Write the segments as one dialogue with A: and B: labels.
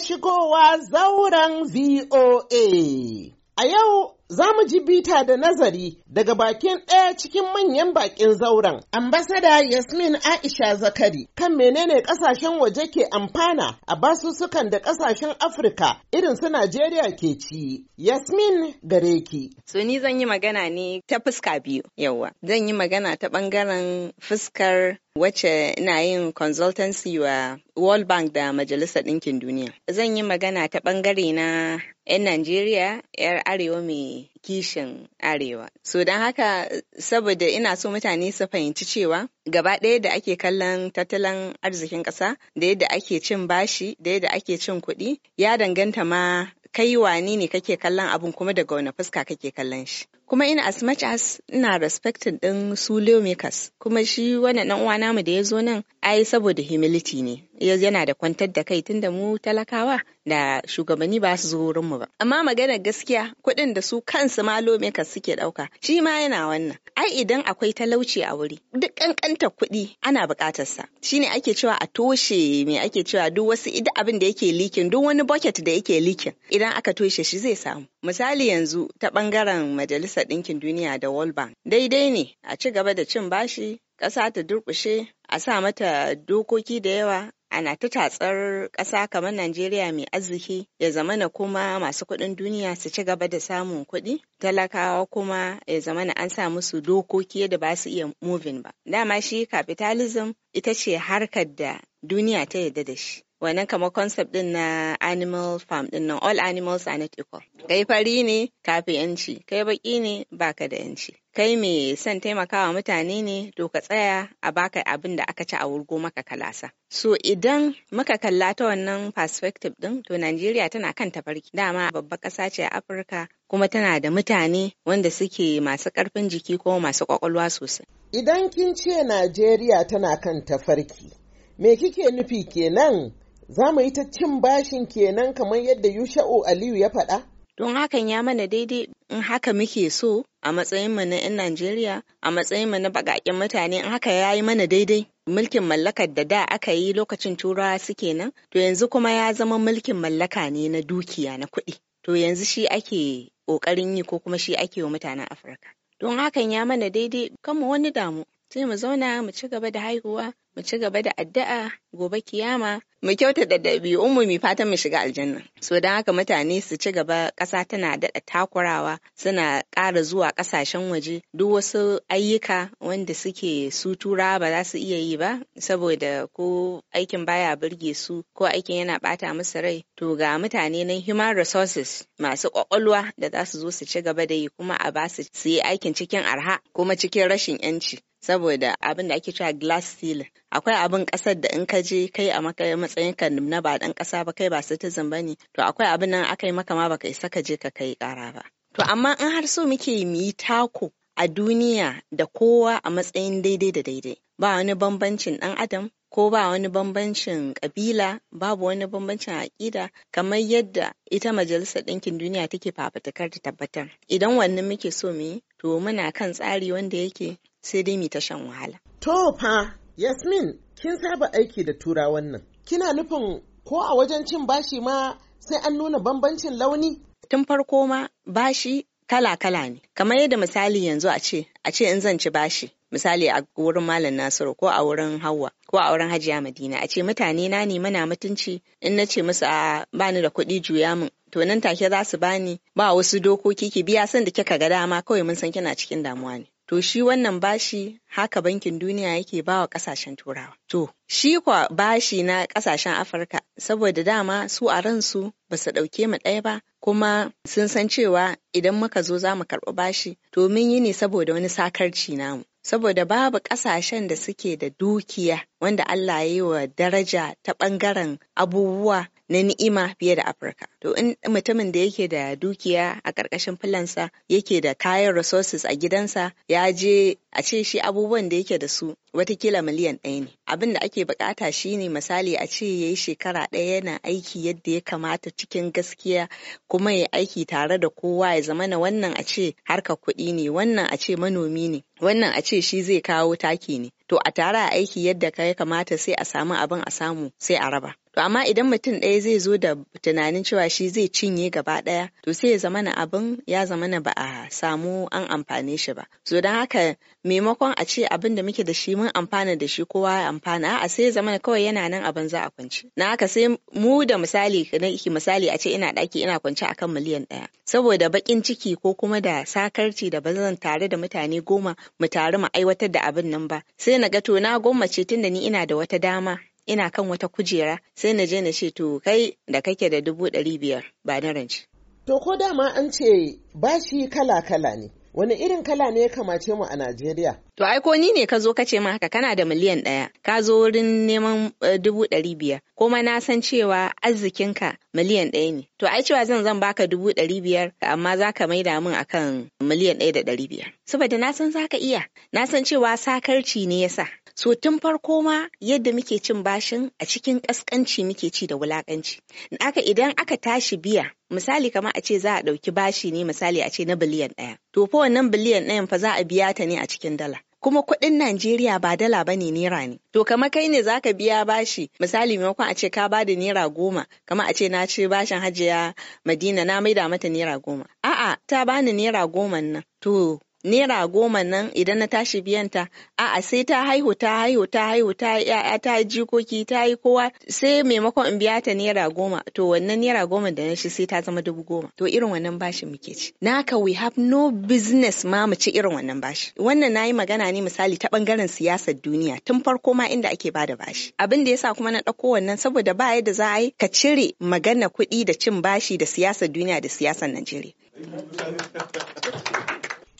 A: shigowa zauren VOA. A yau za mu ji bita da nazari daga bakin ɗaya cikin manyan bakin zauren, ambasada Yasmin Aisha Zakari kan menene ƙasashen waje ke amfana a basussukan da ƙasashen Afirka irin su Najeriya ke ci. Yasmin Gareki. So ni zan yi magana
B: ne ta fuska biyu yawa. Zan yi magana ta ɓangaren fuskar wacce ina yin consultancy wa World Bank da Majalisar Ɗinkin Duniya. Zan yi magana ta ɓangare na 'yan Najeriya 'yar arewa mai kishin arewa. So don haka saboda ina so mutane su fahimci cewa gaba ɗaya da ake kallon tattalin arzikin ƙasa da yadda ake cin bashi da yadda ake cin kuɗi ya danganta ma kai wani ne kake kallon abun kuma daga wani fuska kake kallon shi. kuma in as much as ina respecting din su lawmakers kuma shi wannan dan uwa namu da ya zo nan ai saboda humility ne yana da kwantar da kai tunda mu talakawa da shugabanni ba su zo wurin mu ba amma maganar gaskiya kuɗin da su kansu ma lawmakers suke ɗauka shi ma yana wannan ai idan akwai talauci a wuri duk ƙanƙantar kuɗi ana buƙatar sa shine ake cewa a toshe me ake cewa duk wasu idan abin da yake likin duk wani bucket da yake likin idan aka toshe shi zai samu misali yanzu ta bangaren majalisa Majalisar Ɗinkin Duniya da World Bank. Daidai ne a ci gaba da cin bashi, ƙasa ta durƙushe, a sa mata dokoki da yawa, ana ta tatsar ƙasa kamar Najeriya mai arziki ya zamana kuma masu kuɗin duniya su ci gaba da samun kuɗi, talakawa kuma ya zamana an sa musu dokoki da ba su iya moving ba. Dama shi capitalism ita ce harkar da duniya ta yarda da shi. wannan kamar concept din na animal farm din nan all animals are not equal kai fari ne kafi yanci kai baki ne baka da yanci kai me son taimakawa mutane ne to ka tsaya a baka abin da aka ci a wurgo maka kalasa so idan muka kalla ta wannan perspective din to Najeriya tana kan tafarki dama babbar ƙasa ce a Afirka kuma tana
A: da mutane wanda
B: suke masu karfin jiki ko masu kwakwalwa sosai
A: idan kin ce Najeriya tana kan tafarki me kike nufi kenan za mu yi ta cin bashin kenan kamar yadda Yusha'u Aliyu ya faɗa?
B: Don hakan ya mana daidai
A: in haka muke so a
B: matsayinmu na 'yan Najeriya, a matsayinmu na baƙaƙen mutane in haka ya yi mana daidai. Mulkin mallakar da da aka yi lokacin turawa suke nan, to yanzu kuma ya zama mulkin mallaka ne na dukiya na kuɗi. To yanzu shi ake ƙoƙarin yi ko kuma shi ake wa mutanen Afirka. Don hakan ya mana daidai, kanmu wani damu. sai mu zauna mu ci gaba da haihuwa mu ci gaba da addu'a gobe kiyama mu kyautata ɗabi'un mu mi fatan mu shiga aljanna so don haka mutane su ci gaba ƙasa tana daɗa takurawa suna ƙara zuwa ƙasashen waje duk wasu ayyuka wanda suke su tura ba za su iya yi ba saboda ko aikin baya burge su ko aikin yana ɓata musu rai to ga mutane nan human resources masu ƙwaƙwalwa da za su zo su ci gaba da yi kuma a ba su yi aikin cikin arha kuma cikin rashin 'yanci saboda abin da ake cewa glass ceiling akwai abin kasar da in ka je kai a matsayin ka na ba dan kasa ba kai ba citizen bane to akwai abin nan aka yi maka ma baka isa ka je ka kai kara ba to amma in har so muke mu yi tako a duniya da kowa a matsayin daidai da daidai ba wani bambancin dan adam ko ba wani bambancin kabila babu wani bambancin aƙida kamar yadda ita majalisar ɗinkin duniya take fafatakar ta tabbatar idan wannan muke so mu yi
A: to muna kan tsari wanda yake sai dai mi ta shan wahala. To fa Yasmin kin saba aiki da tura wannan. Kina nufin ko a wajen cin bashi ma sai an nuna bambancin launi? Tun farko ma bashi kala-kala ne. Kamar yadda
B: misali yanzu a ce, a ce in zan ci bashi. misali a wurin malam nasiru ko a wurin hauwa ko a wurin hajiya madina a ce mutane na ne mana mutunci in na ce musu a bani da kuɗi juya min to nan take za su bani ba wasu dokoki ki biya san da kika ga dama kawai mun san kina cikin damuwa ne To shi wannan bashi haka bankin duniya yake ba wa ƙasashen turawa. To shi kwa bashi na ƙasashen Afirka saboda dama su a ransu ba su ɗauke mu ɗaya ba kuma sun san cewa idan muka zo za mu karɓi bashi to mun yi ne saboda wani sakarci namu. Saboda babu ƙasashen da suke da dukiya wanda Allah ya yi wa daraja ta ɓangaren abubuwa na ni'ima fiye da Afirka. To in mutumin da yake da dukiya a ƙarƙashin filansa yake da kayan resources a gidansa ya je a ce shi abubuwan da yake da su watakila miliyan ɗaya ne. Abin da ake bukata shi ne misali a ce ya yi shekara ɗaya yana aiki yadda ya kamata cikin gaskiya kuma ya aiki tare da kowa ya zama na wannan a ce harka kuɗi ne wannan a ce manomi ne wannan a ce shi zai kawo taki ne to a tare a aiki yadda ka ya kamata sai a samu abin a samu sai a raba To amma idan mutum ɗaya zai zo da tunanin cewa shi zai cinye gaba ɗaya to sai ya zamana abin ya zamana ba a samu an amfane shi ba. So don haka maimakon a ce abin da muke da shi mun amfana da shi kowa ya amfana a sai ya zamana kawai yana nan abin za a kwanci. Na haka sai mu da misali na misali a ce ina ɗaki ina kwanci akan miliyan ɗaya. Saboda baƙin ciki ko kuma da sakarci da ba zan tare da mutane goma mu tare mu aiwatar da abin nan ba. Sai na ga to na gwammace tunda tunda ni ina da wata dama ina kan wata kujera sai na je na ce to kai da kake da dubu ɗari
A: biyar ba na rance. To ko dama an ce bashi kala-kala ne. Wani irin kala ne ya kamace mu a Najeriya?
B: To ai ko ni ne ka zo ka ce min haka kana da miliyan ɗaya, ka zo wurin neman eh, dubu ɗari biyar, kuma na san cewa arzikinka miliyan ɗaya ne. To ai cewa zan zan baka dubu ɗari biyar amma za ka maida min akan miliyan ɗaya da ɗari biyar. Saboda na san za ka iya, na san cewa sakarci ne yasa. So tun farko ma yadda muke cin bashin a cikin ƙasƙanci muke ci da wulaƙanci. Aka idan aka tashi biya misali kamar a ce za a ɗauki bashi ne misali a ce na biliyan ɗaya. To fa wannan biliyan ɗayan fa za a biya ta ne a cikin dala. kuma kuɗin Najeriya ba dala ba ne naira ne. To kama kai ne zaka biya bashi misali maimakon a ce ka bada naira goma Kama a ce na ce bashin hajiya Madina na maida mata naira goma. A'a ta bani naira goma nan. To naira goma nan idan na tashi biyan ta a'a sai ta haihu ta haihu ta haihu ta ya'ya ta jikoki ta yi kowa sai maimakon in biya ta naira goma to wannan naira goma da na shi sai ta zama dubu goma to irin wannan bashi muke ci na we have no business ma mu ci irin wannan bashi wannan nayi magana ne misali ta bangaren siyasar duniya tun farko ma inda ake bada bashi abin da yasa kuma na ɗauko wannan saboda ba yadda za a yi ka cire magana kuɗi da cin
A: bashi da siyasar duniya da siyasar Najeriya.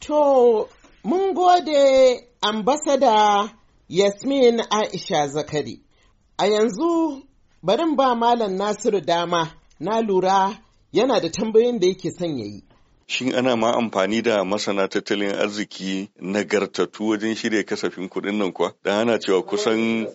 A: To, mun gode ambasada Yasmin Aisha Zakari. A yanzu barin ba Malam Nasiru dama na lura yana da tambayoyin da yake son yayi.
C: Shin ana ma amfani da masana tattalin arziki nagartattu wajen shirya kasafin kuɗin nan kuwa? Da hana cewa kusan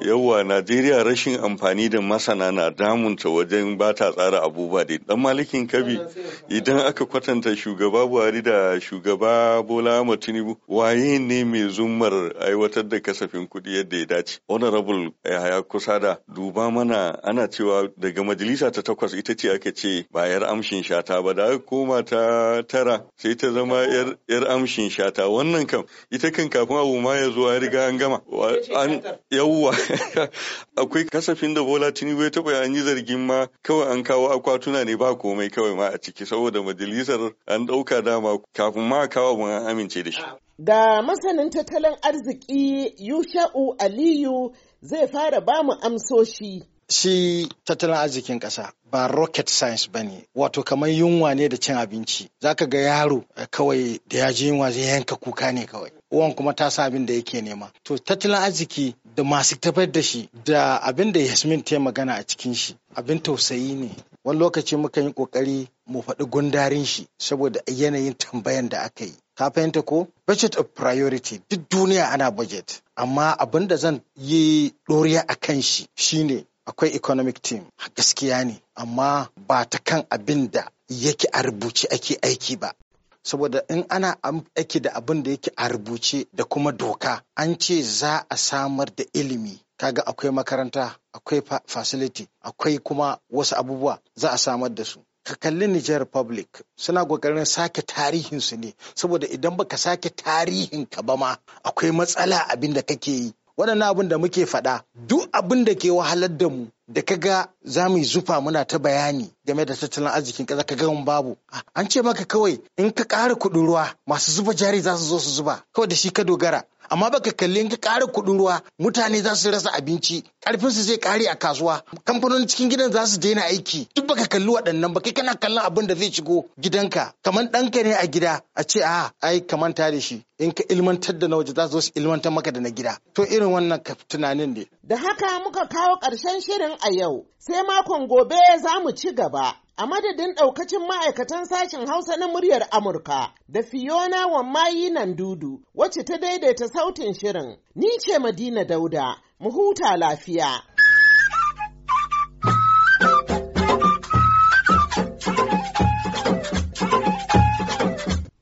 C: Yawwa Najeriya rashin amfani da masana na damunta wajen ba ta tsara abubuwa da dan malikin kabi idan aka kwatanta shugaba Buhari da shugaba Bola Ahmed Tinubu waye ne mai zummar aiwatar da kasafin kuɗi yadda ya dace. Honorable Yahaya Kusada duba mana ana cewa daga majalisa ta takwas ita ce aka ce ba yar amshin shata ba da koma ta tara sai ta zama yar amshin shata wannan kam ita kan kafin abu ma ya zo ya riga an gama yawwa akwai kasafin da bola tinubu ya taba an yi zargin ma kawai an kawo akwatuna ne ba komai kawai ma a ciki saboda majalisar an ɗauka dama kafin ma kawo mun an amince da shi
A: Da masanin tattalin arziki yusha'u aliyu zai fara bamu amsoshi
C: shi tattalin arzikin ƙasa ba rocket science ba ne wato kamar yunwa ne da cin abinci Za ka ga yaro eh, kawai da ya ji yunwa zai yanka kuka ne kawai uwan kuma ta sa abin da yake nema to tattalin arziki da masu tabbatar da shi da abin da yasmin ta magana a cikin shi abin tausayi ne wani lokaci muka yi kokari mu faɗi gundarin shi saboda yanayin tambayan da aka yi ka fahimta ko budget of priority duk duniya ana budget amma abin da zan yi ɗoriya a kan shi shine akwai economic team gaskiya ne amma ba ta kan abin da yake a rubuce ake aiki ba saboda in ana aiki da abin da yake a rubuce da kuma doka an ce za a samar da ilimi kaga akwai makaranta akwai facility akwai kuma wasu abubuwa za a samar da su ka kalli Niger Republic suna kokarin sake tarihinsu ne saboda idan baka sake tarihin ka ba ma akwai matsala abin da kake yi waɗannan abin da muke faɗa duk abin da ke wahalar da mu da ka ga za mu yi zufa muna ta bayani game da tattalin arzikin ƙasa ka gan babu an ce maka kawai in ka ƙara kuɗin ruwa masu zuba jari za su zo su zuba kawai da shi ka dogara amma baka kalli ka ƙara kuɗin ruwa mutane za su rasa abinci karfin su zai ƙare a kasuwa kamfanonin cikin gidan za su daina aiki duk baka kalli waɗannan ba kai kana kallon abin da zai shigo gidanka kamar ɗanka ne a gida a ce a ai kamanta da shi in ka ilmantar da na waje za su zo su ilmantar maka da na gida to irin wannan ka tunanin ne da haka muka kawo ƙarshen shirin a yau sai makon gobe za mu ci gaba
A: a madadin ɗaukacin ma'aikatan sashen Hausa na muryar Amurka da Fiona Wammayi nan dudu wacce ta daidaita sautin shirin. Ni ce Madina Dauda, mu huta lafiya.